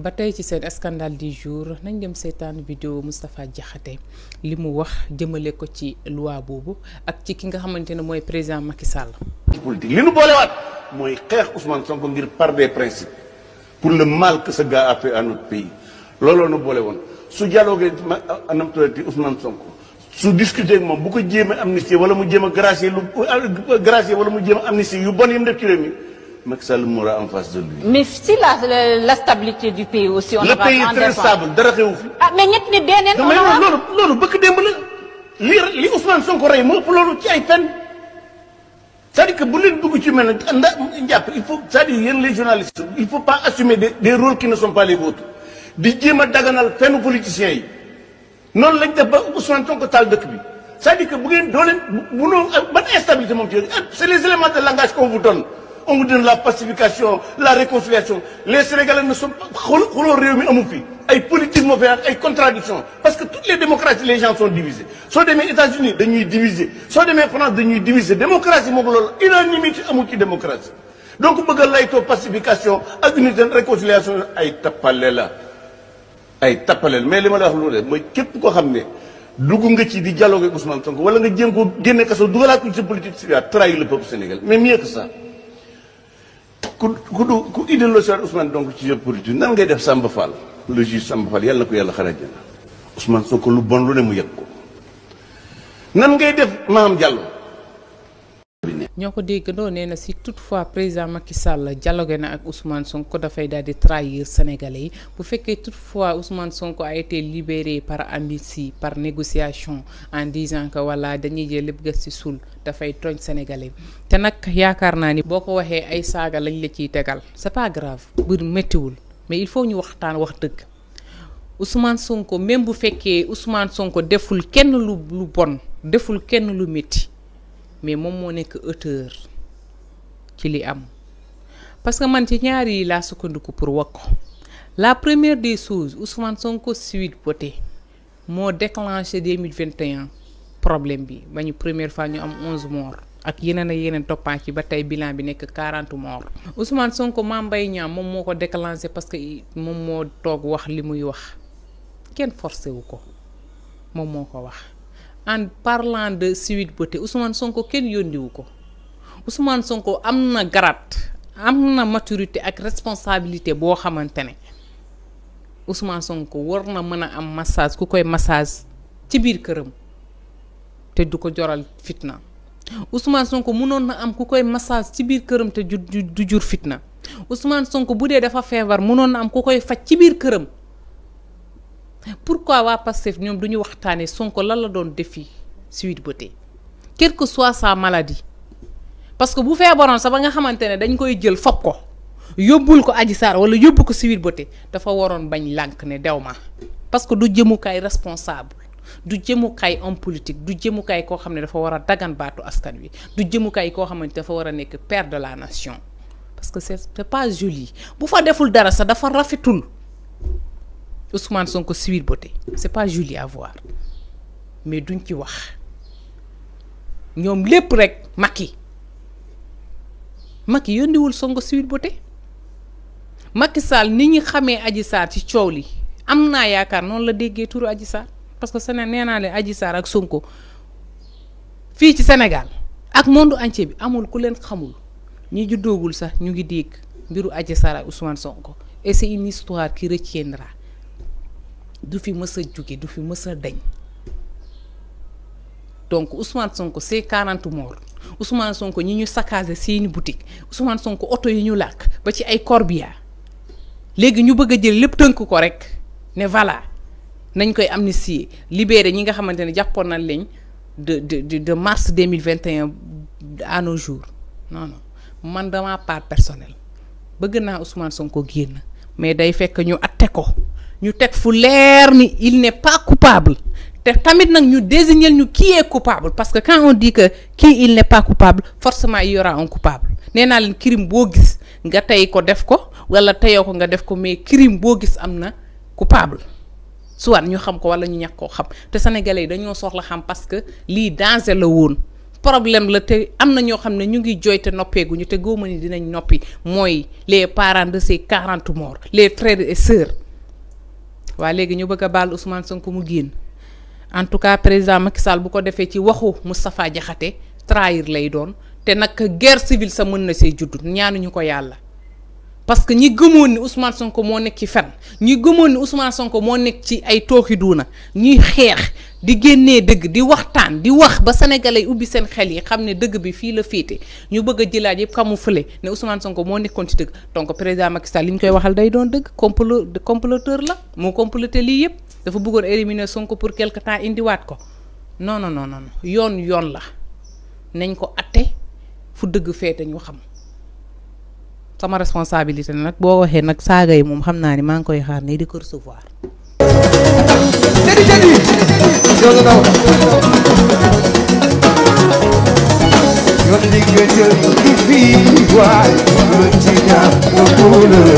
ba tey ci seen scandale di jour nañ dem seetaan vidéo Moustapha Diakhaté li mu wax jëmale ko ci loi boobu ak ci ki nga xamante ne mooy président Macky Sall. li nu boolewaat mooy xeex Ousmane Sonko ngir par des principes pour le mal que ce gars a fait à notre pays looloo nu boole woon su dialogué anam euh, tuddati Ousmane Sonko su discuter ak moom bu ko jéem a amnistie mu jéem a gracier lu euh, gracier wala mu jéem a yu bon yi def ci réew mi. Macky Sall en face de lui. Mais si la, la, la stabilité du pays aussi, on Le pays est très stable, dara xewu fi. Ah, mais ñet ni dénen on non, loolu loolu bëgg démb la li li Ousmane Sonko rey moo ëpp loolu ci ay fen c'est-à-dire que bu leen dugg ci mel ne ndax njàpp il faut c'est-à-dire yéen les journalistes il faut pas assumer des, des rôles qui ne sont pas les vôtres di jéem daganal fenn politiciens yi noonu lañ def ba Ousmane Sonko taal dëkk bi c'est-à-dire que bu ngeen do leen bu noo ban instabilité mom ci c'est les éléments de langage qu'on vous donne on vous donne la pacification la réconciliation les sénégalais ne sont pas xool xuloo réew mi fi ay politique mauvaise, fi contradiction parce que toutes les démocraties les gens sont divisés Soit des États-Unis dañuy diviser soo Français, France dañuy diviser démocratie moom loolu unanimité amul ci démocratie donc bëgg a laytoo pacification ak unité réconciliation ay tappale la ay tappale mais lima la wax lu de moy képp ko xamné ne nga ci di dialogue ak Ousmane Sonko wala nga jéem ko genné kasso dugalaat ci politique civile trahir le peuple sénégal mais mieux que ça ku ku du ku idéologiser Ousmane donc ci jeu politique nan ngay def Samba Fall le yàlla na ko yàlla xare àjjana Ousmane Sonko lu bon lu ne mu yëg ko nan ngay def maam Diallo ñoko ko déggandoo nee na si toutefois président Macky Sall dialogué na ak Ousmane Sonko dafay daal di trahir sénégalais yi bu fekkee toutefois Ousmane Sonko a été libéré par amitié, par négociation en disant que voilà dañuy jël lépp gas si suul dafay tooñ sénégalais te nag yaakaar naa ni boo ko waxee ay saaga lañ la ciy tegal c'est pas grave bu méttiwul mais il faut ñu waxtaan wax dëgg Ousmane Sonko même bu fekkee Ousmane Sonko deful kenn lu lu bon deful kenn lu métti mais moom moo nekk auteur ci li am parce que man ci ñaar yi laa sukkandiku pour wax ko la première des choses Ousmane Sonko Sweet Beauté moo vingt 2021 problème bi ba ñu première fois ñu am 11 morts ak yeneen a yeneen toppaa ci ba tey bilan bi nekk 40 morts. Ousmane Sonko Mame mbay ñaam moom moo ko déclenché parce que moom moo toog wax li muy wax kenn forcé wu ko moom moo ko wax. en parlent de Sweet Beauté Ousmane Sonko kenn yóndiwu ko Ousmane Sonko am na garat am na maturité ak responsabilité boo xamante ne Ousmane sonk war na mën a am massage ku koy massage ci biir këram te du ko joral fitna Ousmane sonk mënoon na am ku koy massage ci biir këram te du jur fitna Ousmane sonk bu dee dafa feebar mënoon na am ku koy faj ci biir këram. pourquoi waa Pastef ñoom du ñu waxtaanee Sonko lan la doon défi Sweet Beauté quelle que soit sa maladie parce que bu feebaroon sax ba nga xamante ne dañ koy jël fob ko yóbbul ko aji Sarr wala yóbbu ko Sweet Beauté dafa waroon bañ lànk ne dew ma parce que du jëmukaay responsable du jëmukaay homme politique du jëmukaay koo xam ne dafa war a dagan baatu askan wi du jëmukaay koo xamante dafa war a nekk père de la nation parce que c'est pas joli bu fa deful dara sax dafa rafetul. Ousmane Sonko siwirbote c'est pas joli à voir mais duñ ci wax ñoom lépp rek Macky Macky yóndiwul Sonko siwirbote Macky Sall ni ñu xamee Adji Sarr ci coow li am naa yaakaar noonu la déggee turu Adji parce que sene nee naa leen Adji Sarr ak Sonko fii ci senegal ak monde entier bi amul ku leen xamul ñi juddoogul sax ñu ngi dégg mbiru Adji Sarr ak Ousmane Sonko et c'est une histoire qui retiendra du a donc Ousmane Sonko c'est 40 morts Ousmane Sonko ñi ñu saccagé une boutique Ousmane Sonko oto yi ñu ba ci ay Les Légui ñu bëgg jël lepp teunk ko rek ne voilà nañ koy amnistier libéré ñi nga nañ de mars 2021 à nos jours non non man dama part personnel bëgg Ousmane Sonko mais day fekk ñu nous avons fu il n'est pas coupable désigner qui est coupable parce que quand on dit que qui il n'est pas coupable forcément il y aura un coupable Nous avons un crime qui gis nga un ko def ko wala mais crime gis coupable soit ñu xam ko wala ñu Les sénégalais parce que danger problème te amna Nous ñu ngi Nous les parents de ces 40 morts les frères et sœurs waa léegi ñu bëgg a baal Ousmane Sonko mu génn en tout cas président Macky Sall bu ko defee ci waxu Moustapha Diakhaté trahir lay doon te nag guerre civile sa mën na see juddu ñaanuñu ko yàlla. parce que ñi gëmoon ni Ousmane Sonko moo nekk ci fen ñi gëmoon ni Ousmane Sonko moo nekk ci ay tooxi na ñuy xeex di génnee dëgg di waxtaan di wax ba sénégalais ubbi seen xel yi xam ne dëgg bi fii la féete ñu bëgg a jëlaat yëpp xamu fële ne Ousmane Sonko moo nekkoon ci dëgg donc président Macky Sall li ñu koy waxal day doon dëgg complot comploteur la moo comploté lii yëpp dafa bëggoon éliminer Sonko pour quelque indiwaat ko non non non non yoon yoon la nañ ko atte fu dëgg féete ñu xam sama responsabilité nag boo waxee nag saaga yi moom xam naa ni maa ngi koy xaar nii di ko recevoir. You're the number. You're the liquid, you feel why. Good thing I'm